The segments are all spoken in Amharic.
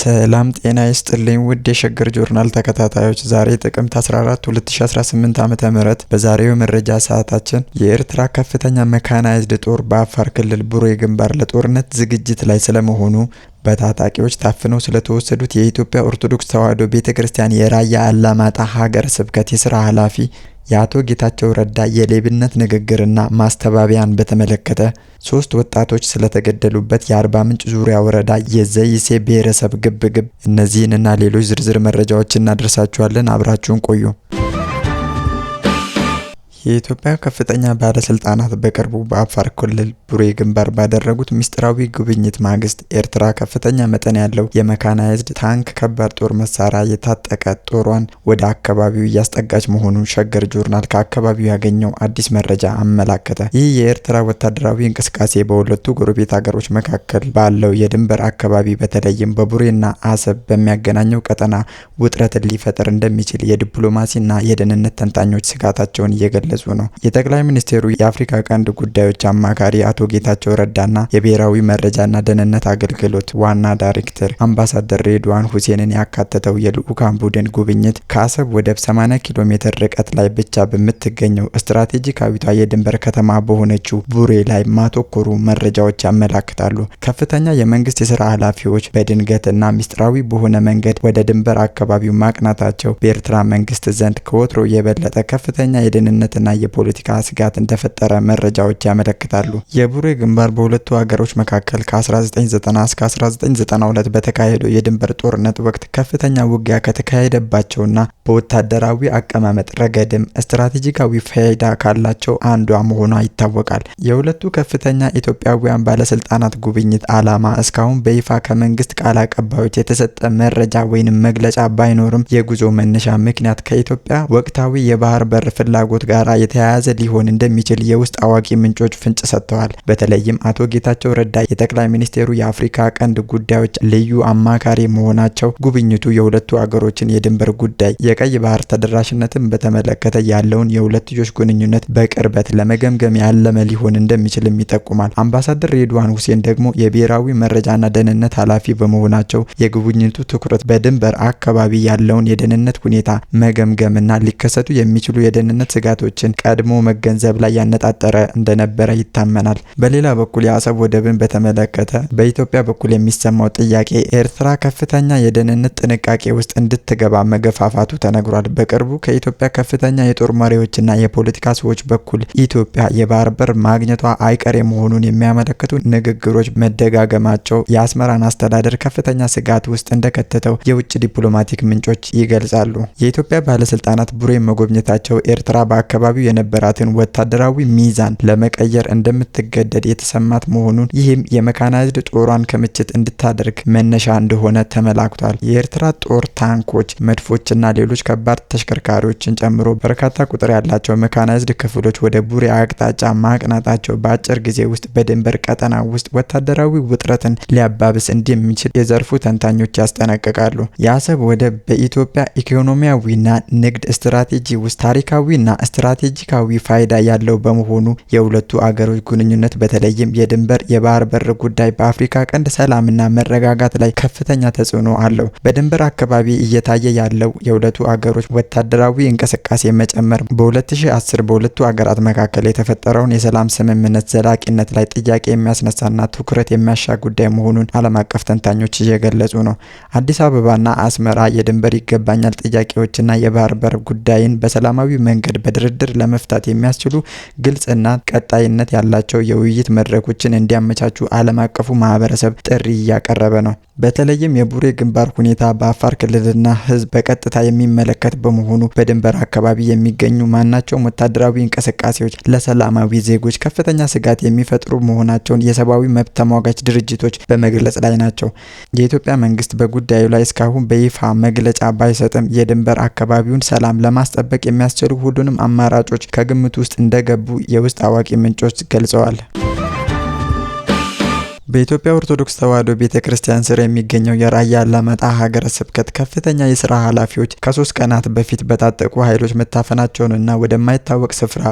ሰላም ጤና ይስጥልኝ ውድ የሸገር ጆርናል ተከታታዮች፣ ዛሬ ጥቅምት 14 2018 ዓ.ም በዛሬው መረጃ ሰዓታችን የኤርትራ ከፍተኛ መካናይዝድ ጦር በአፋር ክልል ቡሬ ግንባር ለጦርነት ዝግጅት ላይ ስለመሆኑ በታጣቂዎች ታፍነው ስለተወሰዱት የኢትዮጵያ ኦርቶዶክስ ተዋሕዶ ቤተ ክርስቲያን የራያ አላማጣ ሀገረ ስብከት የስራ ኃላፊ የአቶ ጌታቸው ረዳ የሌብነት ንግግርና ማስተባበያን በተመለከተ ሶስት ወጣቶች ስለተገደሉበት የአርባ ምንጭ ዙሪያ ወረዳ የዘይሴ ብሔረሰብ ግብግብ እነዚህንና ሌሎች ዝርዝር መረጃዎች እናደርሳችኋለን። አብራችሁን ቆዩ። የኢትዮጵያ ከፍተኛ ባለስልጣናት በቅርቡ በአፋር ክልል ቡሬ ግንባር ባደረጉት ምስጢራዊ ጉብኝት ማግስት ኤርትራ ከፍተኛ መጠን ያለው የመካናይዝድ ታንክ፣ ከባድ ጦር መሳሪያ የታጠቀ ጦሯን ወደ አካባቢው እያስጠጋች መሆኑን ሸገር ጆርናል ከአካባቢው ያገኘው አዲስ መረጃ አመላከተ። ይህ የኤርትራ ወታደራዊ እንቅስቃሴ በሁለቱ ጎረቤት ሀገሮች መካከል ባለው የድንበር አካባቢ በተለይም በቡሬና አሰብ በሚያገናኘው ቀጠና ውጥረትን ሊፈጥር እንደሚችል የዲፕሎማሲና የደህንነት ተንታኞች ስጋታቸውን እየገለጹ እየገለጹ ነው። የጠቅላይ ሚኒስትሩ የአፍሪካ ቀንድ ጉዳዮች አማካሪ አቶ ጌታቸው ረዳና የብሔራዊ መረጃና ደህንነት አገልግሎት ዋና ዳይሬክተር አምባሳደር ሬድዋን ሁሴንን ያካተተው የልዑካን ቡድን ጉብኝት ከአሰብ ወደብ 80 ኪሎ ሜትር ርቀት ላይ ብቻ በምትገኘው ስትራቴጂካዊቷ የድንበር ከተማ በሆነችው ቡሬ ላይ ማተኮሩ መረጃዎች ያመላክታሉ። ከፍተኛ የመንግስት የስራ ኃላፊዎች በድንገትና ሚስጥራዊ በሆነ መንገድ ወደ ድንበር አካባቢው ማቅናታቸው በኤርትራ መንግስት ዘንድ ከወትሮ የበለጠ ከፍተኛ የደህንነትና የጸና የፖለቲካ ስጋት እንደፈጠረ መረጃዎች ያመለክታሉ። የቡሬ ግንባር በሁለቱ ሀገሮች መካከል ከ1990 እስከ 1992 በተካሄደው የድንበር ጦርነት ወቅት ከፍተኛ ውጊያ ከተካሄደባቸውና በወታደራዊ አቀማመጥ ረገድም ስትራቴጂካዊ ፋይዳ ካላቸው አንዷ መሆኗ ይታወቃል። የሁለቱ ከፍተኛ ኢትዮጵያውያን ባለስልጣናት ጉብኝት ዓላማ እስካሁን በይፋ ከመንግስት ቃል አቀባዮች የተሰጠ መረጃ ወይንም መግለጫ ባይኖርም የጉዞ መነሻ ምክንያት ከኢትዮጵያ ወቅታዊ የባህር በር ፍላጎት ጋር ጋር የተያያዘ ሊሆን እንደሚችል የውስጥ አዋቂ ምንጮች ፍንጭ ሰጥተዋል። በተለይም አቶ ጌታቸው ረዳ የጠቅላይ ሚኒስቴሩ የአፍሪካ ቀንድ ጉዳዮች ልዩ አማካሪ መሆናቸው ጉብኝቱ የሁለቱ አገሮችን የድንበር ጉዳይ፣ የቀይ ባህር ተደራሽነትን በተመለከተ ያለውን የሁለትዮሽ ግንኙነት በቅርበት ለመገምገም ያለመ ሊሆን እንደሚችልም ይጠቁማል። አምባሳደር ሬድዋን ሁሴን ደግሞ የብሔራዊ መረጃና ደህንነት ኃላፊ በመሆናቸው የጉብኝቱ ትኩረት በድንበር አካባቢ ያለውን የደህንነት ሁኔታ መገምገምና ሊከሰቱ የሚችሉ የደህንነት ስጋቶች ችግሮችን ቀድሞ መገንዘብ ላይ ያነጣጠረ እንደነበረ ይታመናል። በሌላ በኩል የአሰብ ወደብን በተመለከተ በኢትዮጵያ በኩል የሚሰማው ጥያቄ ኤርትራ ከፍተኛ የደህንነት ጥንቃቄ ውስጥ እንድትገባ መገፋፋቱ ተነግሯል። በቅርቡ ከኢትዮጵያ ከፍተኛ የጦር መሪዎችና የፖለቲካ ሰዎች በኩል ኢትዮጵያ የባህር በር ማግኘቷ አይቀሬ መሆኑን የሚያመለክቱ ንግግሮች መደጋገማቸው የአስመራን አስተዳደር ከፍተኛ ስጋት ውስጥ እንደከተተው የውጭ ዲፕሎማቲክ ምንጮች ይገልጻሉ። የኢትዮጵያ ባለስልጣናት ቡሬ መጎብኘታቸው ኤርትራ በአካባቢ በአካባቢው የነበራትን ወታደራዊ ሚዛን ለመቀየር እንደምትገደድ የተሰማት መሆኑን ይህም የመካናይዝድ ጦሯን ክምችት እንድታደርግ መነሻ እንደሆነ ተመላክቷል። የኤርትራ ጦር ታንኮች፣ መድፎችና ሌሎች ከባድ ተሽከርካሪዎችን ጨምሮ በርካታ ቁጥር ያላቸው መካናይዝድ ክፍሎች ወደ ቡሬ አቅጣጫ ማቅናጣቸው በአጭር ጊዜ ውስጥ በድንበር ቀጠና ውስጥ ወታደራዊ ውጥረትን ሊያባብስ እንደሚችል የዘርፉ ተንታኞች ያስጠነቅቃሉ። የአሰብ ወደብ በኢትዮጵያ ኢኮኖሚያዊና ንግድ ስትራቴጂ ውስጥ ታሪካዊና ስትራ ስትራቴጂካዊ ፋይዳ ያለው በመሆኑ የሁለቱ አገሮች ግንኙነት በተለይም የድንበር የባህር በር ጉዳይ በአፍሪካ ቀንድ ሰላምና መረጋጋት ላይ ከፍተኛ ተጽዕኖ አለው። በድንበር አካባቢ እየታየ ያለው የሁለቱ አገሮች ወታደራዊ እንቅስቃሴ መጨመር በ2010 በሁለቱ አገራት መካከል የተፈጠረውን የሰላም ስምምነት ዘላቂነት ላይ ጥያቄ የሚያስነሳና ትኩረት የሚያሻ ጉዳይ መሆኑን ዓለም አቀፍ ተንታኞች እየገለጹ ነው። አዲስ አበባና አስመራ የድንበር ይገባኛል ጥያቄዎችና የባህር በር ጉዳይን በሰላማዊ መንገድ በድርድር ችግር ለመፍታት የሚያስችሉ ግልጽና ቀጣይነት ያላቸው የውይይት መድረኮችን እንዲያመቻቹ ዓለም አቀፉ ማህበረሰብ ጥሪ እያቀረበ ነው። በተለይም የቡሬ ግንባር ሁኔታ በአፋር ክልልና ህዝብ በቀጥታ የሚመለከት በመሆኑ በድንበር አካባቢ የሚገኙ ማናቸውም ወታደራዊ እንቅስቃሴዎች ለሰላማዊ ዜጎች ከፍተኛ ስጋት የሚፈጥሩ መሆናቸውን የሰብአዊ መብት ተሟጋች ድርጅቶች በመግለጽ ላይ ናቸው። የኢትዮጵያ መንግስት በጉዳዩ ላይ እስካሁን በይፋ መግለጫ ባይሰጥም የድንበር አካባቢውን ሰላም ለማስጠበቅ የሚያስችሉ ሁሉንም አማራጮች ከግምት ውስጥ እንደገቡ የውስጥ አዋቂ ምንጮች ገልጸዋል። በኢትዮጵያ ኦርቶዶክስ ተዋሕዶ ቤተ ክርስቲያን ስር የሚገኘው የራያ አላማጣ ሀገረ ስብከት ከፍተኛ የስራ ኃላፊዎች ከሶስት ቀናት በፊት በታጠቁ ኃይሎች መታፈናቸውንና ወደማይታወቅ ስፍራ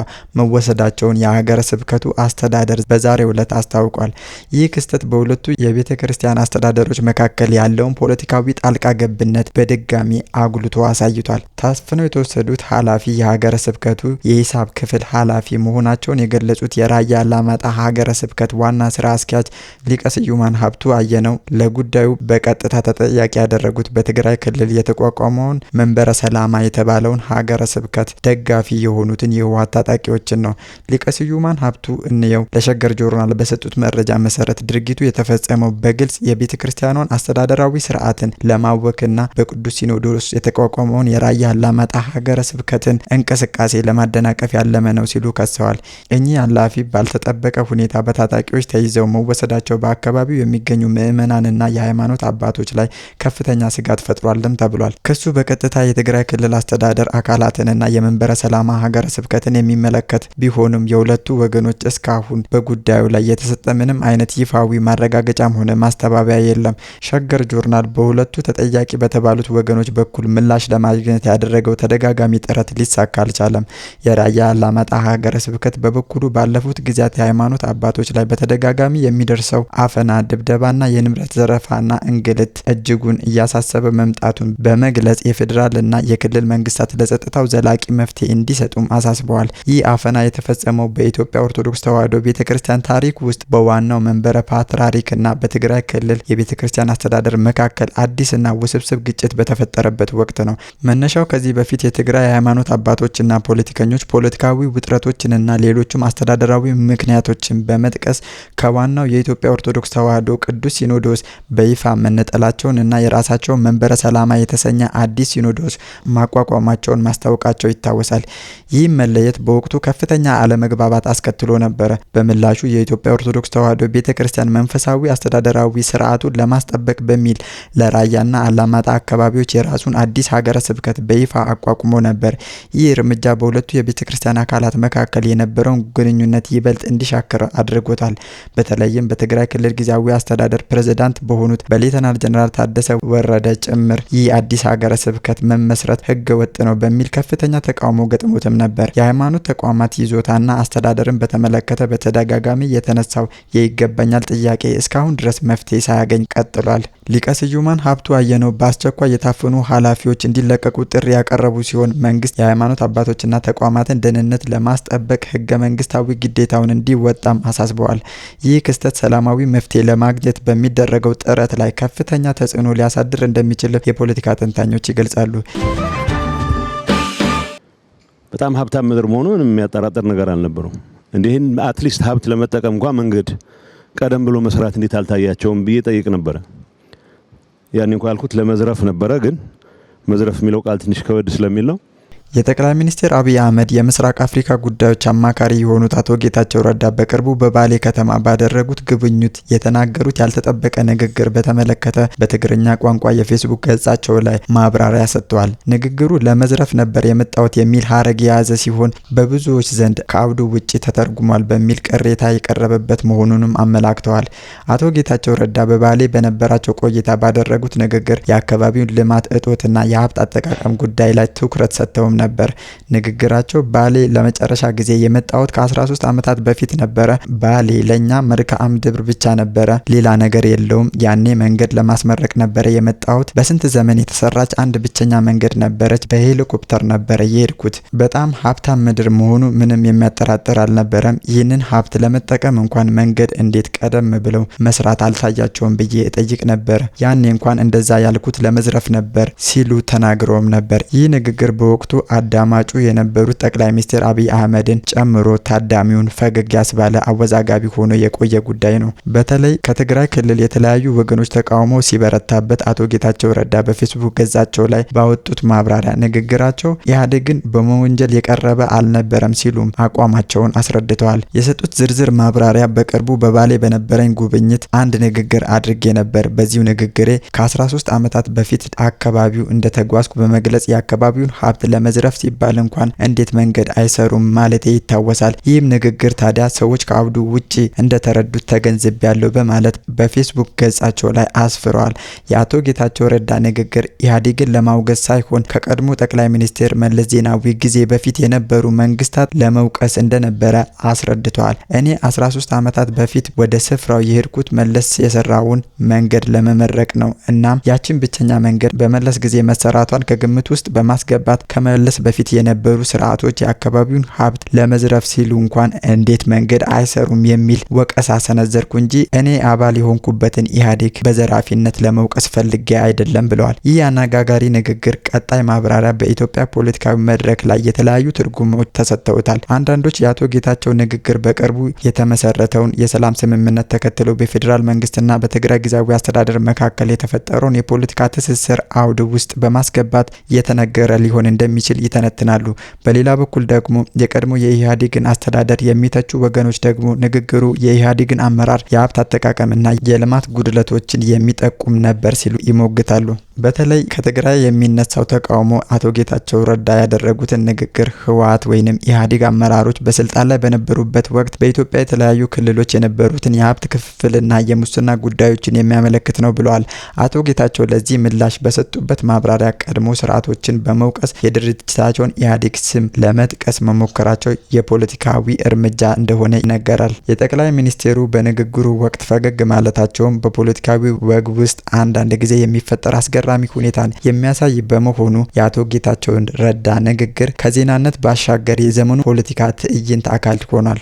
መወሰዳቸውን የሀገረ ስብከቱ አስተዳደር በዛሬው ዕለት አስታውቋል። ይህ ክስተት በሁለቱ የቤተ ክርስቲያን አስተዳደሮች መካከል ያለውን ፖለቲካዊ ጣልቃ ገብነት በድጋሚ አጉልቶ አሳይቷል። ታፍነው የተወሰዱት ኃላፊ የሀገረ ስብከቱ የሂሳብ ክፍል ኃላፊ መሆናቸውን የገለጹት የራያ አላማጣ ሀገረ ስብከት ዋና ስራ አስኪያጅ ሊቀ ስዩማን ሀብቱ አየነው ለጉዳዩ በቀጥታ ተጠያቂ ያደረጉት በትግራይ ክልል የተቋቋመውን መንበረ ሰላማ የተባለውን ሀገረ ስብከት ደጋፊ የሆኑትን የህወሀት ታጣቂዎችን ነው። ሊቀ ስዩማን ሀብቱ እንየው ለሸገር ጆርናል በሰጡት መረጃ መሰረት ድርጊቱ የተፈጸመው በግልጽ የቤተ ክርስቲያኗን አስተዳደራዊ ስርዓትን ለማወክና በቅዱስ ሲኖዶስ የተቋቋመውን የራያ አላማጣ ሀገረ ስብከትን እንቅስቃሴ ለማደናቀፍ ያለመ ነው ሲሉ ከሰዋል። እኚህ አላፊ ባልተጠበቀ ሁኔታ በታጣቂዎች ተይዘው መወሰዳቸው በመሆናቸው በአካባቢው የሚገኙ ምዕመናንና የሃይማኖት አባቶች ላይ ከፍተኛ ስጋት ፈጥሯልም ተብሏል። ክሱ በቀጥታ የትግራይ ክልል አስተዳደር አካላትንና የመንበረ ሰላማ ሀገረ ስብከትን የሚመለከት ቢሆንም የሁለቱ ወገኖች እስካሁን በጉዳዩ ላይ የተሰጠ ምንም አይነት ይፋዊ ማረጋገጫም ሆነ ማስተባበያ የለም። ሸገር ጆርናል በሁለቱ ተጠያቂ በተባሉት ወገኖች በኩል ምላሽ ለማግኘት ያደረገው ተደጋጋሚ ጥረት ሊሳካ አልቻለም። የራያ አላማጣ ሀገረ ስብከት በበኩሉ ባለፉት ጊዜያት የሃይማኖት አባቶች ላይ በተደጋጋሚ የሚደርሰው አፈና፣ ድብደባና የንብረት ዘረፋና እንግልት እጅጉን እያሳሰበ መምጣቱን በመግለጽ የፌዴራልና የክልል መንግስታት ለጸጥታው ዘላቂ መፍትሄ እንዲሰጡም አሳስበዋል። ይህ አፈና የተፈጸመው በኢትዮጵያ ኦርቶዶክስ ተዋሕዶ ቤተ ክርስቲያን ታሪክ ውስጥ በዋናው መንበረ ፓትርያርክና በትግራይ ክልል የቤተ ክርስቲያን አስተዳደር መካከል አዲስና ውስብስብ ግጭት በተፈጠረበት ወቅት ነው። መነሻው ከዚህ በፊት የትግራይ የሃይማኖት አባቶችና ፖለቲከኞች ፖለቲካዊ ውጥረቶችንና ሌሎችም አስተዳደራዊ ምክንያቶችን በመጥቀስ ከዋናው የኢትዮጵያ ኦርቶዶክስ ተዋህዶ ቅዱስ ሲኖዶስ በይፋ መነጠላቸውን እና የራሳቸውን መንበረ ሰላማ የተሰኘ አዲስ ሲኖዶስ ማቋቋማቸውን ማስታወቃቸው ይታወሳል። ይህ መለየት በወቅቱ ከፍተኛ አለመግባባት አስከትሎ ነበረ። በምላሹ የኢትዮጵያ ኦርቶዶክስ ተዋሕዶ ቤተ ክርስቲያን መንፈሳዊ አስተዳደራዊ ስርዓቱን ለማስጠበቅ በሚል ለራያና አላማጣ አካባቢዎች የራሱን አዲስ ሀገረ ስብከት በይፋ አቋቁሞ ነበር። ይህ እርምጃ በሁለቱ የቤተ ክርስቲያን አካላት መካከል የነበረውን ግንኙነት ይበልጥ እንዲሻክር አድርጎታል። በተለይም በትግራይ የትግራይ ክልል ጊዜያዊ አስተዳደር ፕሬዝዳንት በሆኑት በሌተናል ጀነራል ታደሰ ወረደ ጭምር ይህ አዲስ ሀገረ ስብከት መመስረት ህገ ወጥ ነው በሚል ከፍተኛ ተቃውሞ ገጥሞትም ነበር። የሃይማኖት ተቋማት ይዞታና አስተዳደርን በተመለከተ በተደጋጋሚ የተነሳው የይገባኛል ጥያቄ እስካሁን ድረስ መፍትሄ ሳያገኝ ቀጥሏል። ሊቀ ስዩማን ሀብቱ አየነው በአስቸኳይ የታፈኑ ኃላፊዎች እንዲለቀቁ ጥሪ ያቀረቡ ሲሆን መንግስት የሃይማኖት አባቶችና ተቋማትን ደህንነት ለማስጠበቅ ህገ መንግስታዊ ግዴታውን እንዲወጣም አሳስበዋል። ይህ ክስተት ሰላማዊ መፍትሄ ለማግኘት በሚደረገው ጥረት ላይ ከፍተኛ ተጽዕኖ ሊያሳድር እንደሚችል የፖለቲካ ተንታኞች ይገልጻሉ። በጣም ሀብታም ምድር መሆኑን የሚያጠራጥር ነገር አልነበሩም። እንዲህን አትሊስት ሀብት ለመጠቀም እንኳ መንገድ ቀደም ብሎ መስራት እንዴት አልታያቸውም ብዬ ጠይቅ ነበረ። ያን እንኳ ያልኩት ለመዝረፍ ነበረ፣ ግን መዝረፍ የሚለው ቃል ትንሽ ከወድ ስለሚል ነው። የጠቅላይ ሚኒስትር አብይ አህመድ የምስራቅ አፍሪካ ጉዳዮች አማካሪ የሆኑት አቶ ጌታቸው ረዳ በቅርቡ በባሌ ከተማ ባደረጉት ጉብኝት የተናገሩት ያልተጠበቀ ንግግር በተመለከተ በትግርኛ ቋንቋ የፌስቡክ ገጻቸው ላይ ማብራሪያ ሰጥተዋል። ንግግሩ ለመዝረፍ ነበር የመጣሁት የሚል ሀረግ የያዘ ሲሆን በብዙዎች ዘንድ ከአውዱ ውጭ ተተርጉሟል በሚል ቅሬታ የቀረበበት መሆኑንም አመላክተዋል። አቶ ጌታቸው ረዳ በባሌ በነበራቸው ቆይታ ባደረጉት ንግግር የአካባቢውን ልማት እጦትና የሀብት አጠቃቀም ጉዳይ ላይ ትኩረት ሰጥተውም ነበር። ንግግራቸው ባሌ ለመጨረሻ ጊዜ የመጣሁት ከ13 ዓመታት በፊት ነበረ። ባሌ ለእኛ መልካም ድብር ብቻ ነበረ፣ ሌላ ነገር የለውም። ያኔ መንገድ ለማስመረቅ ነበረ የመጣሁት። በስንት ዘመን የተሰራች አንድ ብቸኛ መንገድ ነበረች። በሄሊኮፕተር ነበረ የሄድኩት። በጣም ሀብታም ምድር መሆኑ ምንም የሚያጠራጥር አልነበረም። ይህንን ሀብት ለመጠቀም እንኳን መንገድ እንዴት ቀደም ብለው መስራት አልታያቸውም ብዬ እጠይቅ ነበር። ያኔ እንኳን እንደዛ ያልኩት ለመዝረፍ ነበር ሲሉ ተናግረውም ነበር። ይህ ንግግር በወቅቱ አዳማጩ የነበሩት ጠቅላይ ሚኒስትር አብይ አህመድን ጨምሮ ታዳሚውን ፈገግ ያስባለ አወዛጋቢ ሆኖ የቆየ ጉዳይ ነው። በተለይ ከትግራይ ክልል የተለያዩ ወገኖች ተቃውሞ ሲበረታበት አቶ ጌታቸው ረዳ በፌስቡክ ገጻቸው ላይ ባወጡት ማብራሪያ ንግግራቸው ኢህአዴግን በመወንጀል የቀረበ አልነበረም ሲሉም አቋማቸውን አስረድተዋል። የሰጡት ዝርዝር ማብራሪያ በቅርቡ በባሌ በነበረኝ ጉብኝት አንድ ንግግር አድርጌ ነበር። በዚሁ ንግግሬ ከ13 ዓመታት በፊት አካባቢው እንደተጓዝኩ በመግለጽ የአካባቢውን ሀብት ለመዘ መዝረፍ ሲባል እንኳን እንዴት መንገድ አይሰሩም ማለቴ ይታወሳል። ይህም ንግግር ታዲያ ሰዎች ከአብዱ ውጪ እንደተረዱት ተገንዝብ ያለው በማለት በፌስቡክ ገጻቸው ላይ አስፍረዋል። የአቶ ጌታቸው ረዳ ንግግር ኢህአዴግን ለማውገዝ ሳይሆን ከቀድሞ ጠቅላይ ሚኒስትር መለስ ዜናዊ ጊዜ በፊት የነበሩ መንግስታት ለመውቀስ እንደነበረ አስረድተዋል። እኔ 13 ዓመታት በፊት ወደ ስፍራው የሄድኩት መለስ የሰራውን መንገድ ለመመረቅ ነው። እናም ያችን ብቸኛ መንገድ በመለስ ጊዜ መሰራቷን ከግምት ውስጥ በማስገባት ከመለ ከመመለስ በፊት የነበሩ ስርዓቶች የአካባቢውን ሀብት ለመዝረፍ ሲሉ እንኳን እንዴት መንገድ አይሰሩም የሚል ወቀሳ ሰነዘርኩ እንጂ እኔ አባል የሆንኩበትን ኢህአዴግ በዘራፊነት ለመውቀስ ፈልጌ አይደለም ብለዋል። ይህ አነጋጋሪ ንግግር ቀጣይ ማብራሪያ በኢትዮጵያ ፖለቲካዊ መድረክ ላይ የተለያዩ ትርጉሞች ተሰጥተውታል። አንዳንዶች የአቶ ጌታቸው ንግግር በቅርቡ የተመሰረተውን የሰላም ስምምነት ተከትሎ በፌዴራል መንግስትና በትግራይ ጊዜያዊ አስተዳደር መካከል የተፈጠረውን የፖለቲካ ትስስር አውድ ውስጥ በማስገባት የተነገረ ሊሆን እንደሚችል በሚል ይተነትናሉ። በሌላ በኩል ደግሞ የቀድሞ የኢህአዴግን አስተዳደር የሚተቹ ወገኖች ደግሞ ንግግሩ የኢህአዴግን አመራር የሀብት አጠቃቀምና የልማት ጉድለቶችን የሚጠቁም ነበር ሲሉ ይሞግታሉ። በተለይ ከትግራይ የሚነሳው ተቃውሞ አቶ ጌታቸው ረዳ ያደረጉትን ንግግር ህወሓት ወይንም ኢህአዴግ አመራሮች በስልጣን ላይ በነበሩበት ወቅት በኢትዮጵያ የተለያዩ ክልሎች የነበሩትን የሀብት ክፍፍልና የሙስና ጉዳዮችን የሚያመለክት ነው ብለዋል። አቶ ጌታቸው ለዚህ ምላሽ በሰጡበት ማብራሪያ ቀድሞ ስርዓቶችን በመውቀስ የድርጅታቸውን ኢህአዴግ ስም ለመጥቀስ መሞከራቸው የፖለቲካዊ እርምጃ እንደሆነ ይነገራል። የጠቅላይ ሚኒስቴሩ በንግግሩ ወቅት ፈገግ ማለታቸውም በፖለቲካዊ ወግ ውስጥ አንዳንድ ጊዜ የሚፈጠር አስገር አስገራሚ ሁኔታን የሚያሳይ በመሆኑ የአቶ ጌታቸውን ረዳ ንግግር ከዜናነት ባሻገር የዘመኑ ፖለቲካ ትዕይንት አካል ሆኗል።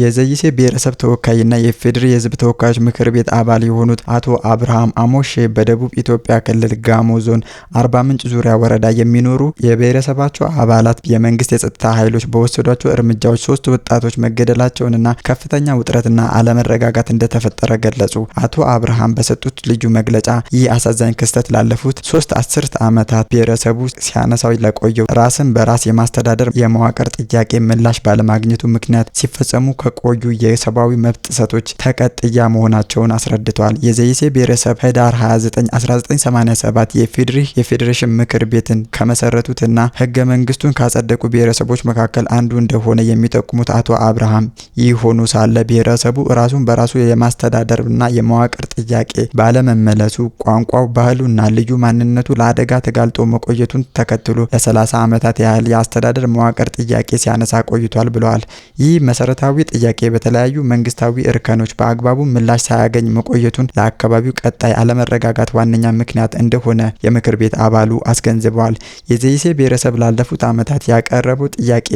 የዘይሴ ብሔረሰብ ተወካይና የፌዴሪ የህዝብ ተወካዮች ምክር ቤት አባል የሆኑት አቶ አብርሃም አሞሼ በደቡብ ኢትዮጵያ ክልል ጋሞ ዞን አርባ ምንጭ ዙሪያ ወረዳ የሚኖሩ የብሔረሰባቸው አባላት የመንግስት የጸጥታ ኃይሎች በወሰዷቸው እርምጃዎች ሶስት ወጣቶች መገደላቸውንና ከፍተኛ ውጥረትና አለመረጋጋት እንደተፈጠረ ገለጹ። አቶ አብርሃም በሰጡት ልዩ መግለጫ ይህ አሳዛኝ ክስተት ላለፉት ሶስት አስርት ዓመታት ብሔረሰቡ ሲያነሳው ለቆየው ራስን በራስ የማስተዳደር የመዋቅር ጥያቄ ምላሽ ባለማግኘቱ ምክንያት ሲፈጸሙ ከቆዩ የሰብአዊ መብት ጥሰቶች ተቀጥያ መሆናቸውን አስረድቷል። የዘይሴ ብሔረሰብ ህዳር 29 1987 የፌድሪ የፌዴሬሽን ምክር ቤትን ከመሰረቱትና ህገ መንግስቱን ካጸደቁ ብሔረሰቦች መካከል አንዱ እንደሆነ የሚጠቁሙት አቶ አብርሃም ይሆኑ ሳለ ብሔረሰቡ ራሱን በራሱ የማስተዳደርና የመዋቅር ጥያቄ ባለመመለሱ ቋንቋው፣ ባህሉና ልዩ ማንነቱ ለአደጋ ተጋልጦ መቆየቱን ተከትሎ ለ30 ዓመታት ያህል የአስተዳደር መዋቅር ጥያቄ ሲያነሳ ቆይቷል ብለዋል። ይህ መሰረታዊ ጥያቄ በተለያዩ መንግስታዊ እርከኖች በአግባቡ ምላሽ ሳያገኝ መቆየቱን ለአካባቢው ቀጣይ አለመረጋጋት ዋነኛ ምክንያት እንደሆነ የምክር ቤት አባሉ አስገንዝበዋል። የዘይሴ ብሔረሰብ ላለፉት ዓመታት ያቀረበው ጥያቄ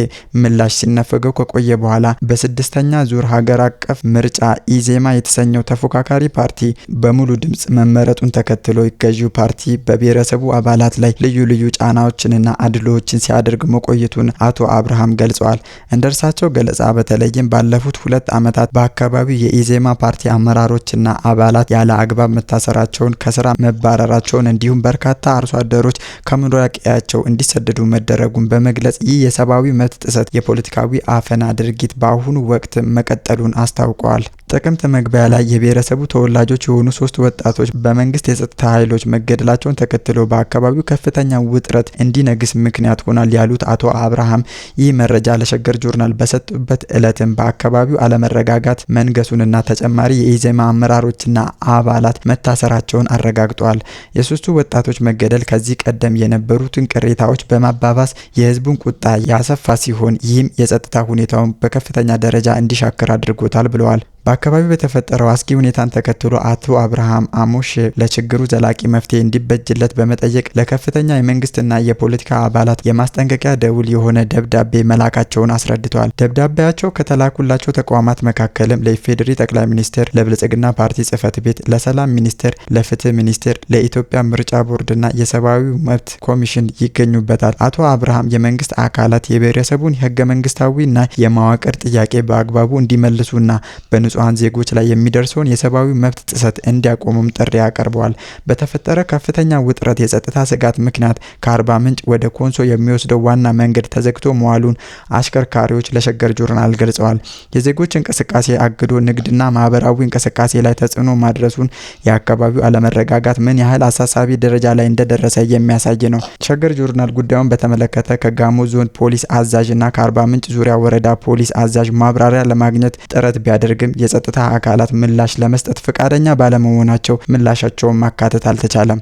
ምላሽ ሲነፈገው ከቆየ በኋላ በስድስተኛ ዙር ሀገር አቀፍ ምርጫ ኢዜማ የተሰኘው ተፎካካሪ ፓርቲ በሙሉ ድምፅ መመረጡን ተከትሎ ገዢው ፓርቲ በብሔረሰቡ አባላት ላይ ልዩ ልዩ ጫናዎችንና አድሎዎችን ሲያደርግ መቆየቱን አቶ አብርሃም ገልጸዋል። እንደ እርሳቸው ገለጻ በተለይም ባለ ባለፉት ሁለት ዓመታት በአካባቢው የኢዜማ ፓርቲ አመራሮችና አባላት ያለ አግባብ መታሰራቸውን፣ ከስራ መባረራቸውን እንዲሁም በርካታ አርሶ አደሮች ከመኖሪያ ቀያቸው እንዲሰደዱ መደረጉን በመግለጽ ይህ የሰብአዊ መብት ጥሰት የፖለቲካዊ አፈና ድርጊት በአሁኑ ወቅት መቀጠሉን አስታውቀዋል። ጥቅምት መግቢያ ላይ የብሔረሰቡ ተወላጆች የሆኑ ሶስት ወጣቶች በመንግስት የጸጥታ ኃይሎች መገደላቸውን ተከትሎ በአካባቢው ከፍተኛ ውጥረት እንዲነግስ ምክንያት ሆናል ያሉት አቶ አብርሃም ይህ መረጃ ለሸገር ጆርናል በሰጡበት ዕለትም በአካባቢው አለመረጋጋት መንገሱንና ተጨማሪ የኢዜማ አመራሮችና አባላት መታሰራቸውን አረጋግጧል። የሶስቱ ወጣቶች መገደል ከዚህ ቀደም የነበሩትን ቅሬታዎች በማባባስ የህዝቡን ቁጣ ያሰፋ ሲሆን ይህም የጸጥታ ሁኔታውን በከፍተኛ ደረጃ እንዲሻክር አድርጎታል ብለዋል። በአካባቢው በተፈጠረው አስጊ ሁኔታን ተከትሎ አቶ አብርሃም አሞሽ ለችግሩ ዘላቂ መፍትሄ እንዲበጅለት በመጠየቅ ለከፍተኛ የመንግስትና የፖለቲካ አባላት የማስጠንቀቂያ ደውል የሆነ ደብዳቤ መላካቸውን አስረድተዋል። ደብዳቤያቸው ከተላኩላቸው ተቋማት መካከልም ለኢፌዴሪ ጠቅላይ ሚኒስቴር፣ ለብልጽግና ፓርቲ ጽህፈት ቤት፣ ለሰላም ሚኒስቴር፣ ለፍትህ ሚኒስቴር፣ ለኢትዮጵያ ምርጫ ቦርድና የሰብአዊ መብት ኮሚሽን ይገኙበታል። አቶ አብርሃም የመንግስት አካላት የብሔረሰቡን የህገ መንግስታዊና የመዋቅር ጥያቄ በአግባቡ እንዲመልሱና በንጹ በንጹሐን ዜጎች ላይ የሚደርሰውን የሰብአዊ መብት ጥሰት እንዲያቆሙም ጥሪ አቅርበዋል። በተፈጠረ ከፍተኛ ውጥረት የጸጥታ ስጋት ምክንያት ከአርባ ምንጭ ወደ ኮንሶ የሚወስደው ዋና መንገድ ተዘግቶ መዋሉን አሽከርካሪዎች ለሸገር ጆርናል ገልጸዋል። የዜጎች እንቅስቃሴ አግዶ ንግድና ማህበራዊ እንቅስቃሴ ላይ ተጽዕኖ ማድረሱን የአካባቢው አለመረጋጋት ምን ያህል አሳሳቢ ደረጃ ላይ እንደደረሰ የሚያሳይ ነው። ሸገር ጆርናል ጉዳዩን በተመለከተ ከጋሞ ዞን ፖሊስ አዛዥ እና ከአርባ ምንጭ ዙሪያ ወረዳ ፖሊስ አዛዥ ማብራሪያ ለማግኘት ጥረት ቢያደርግም የጸጥታ አካላት ምላሽ ለመስጠት ፈቃደኛ ባለመሆናቸው ምላሻቸውን ማካተት አልተቻለም።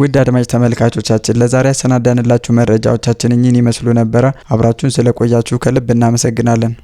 ውድ አድማጭ ተመልካቾቻችን ለዛሬ ያሰናዳንላችሁ መረጃዎቻችን እኚህን ይመስሉ ነበረ። አብራችሁን ስለቆያችሁ ከልብ እናመሰግናለን።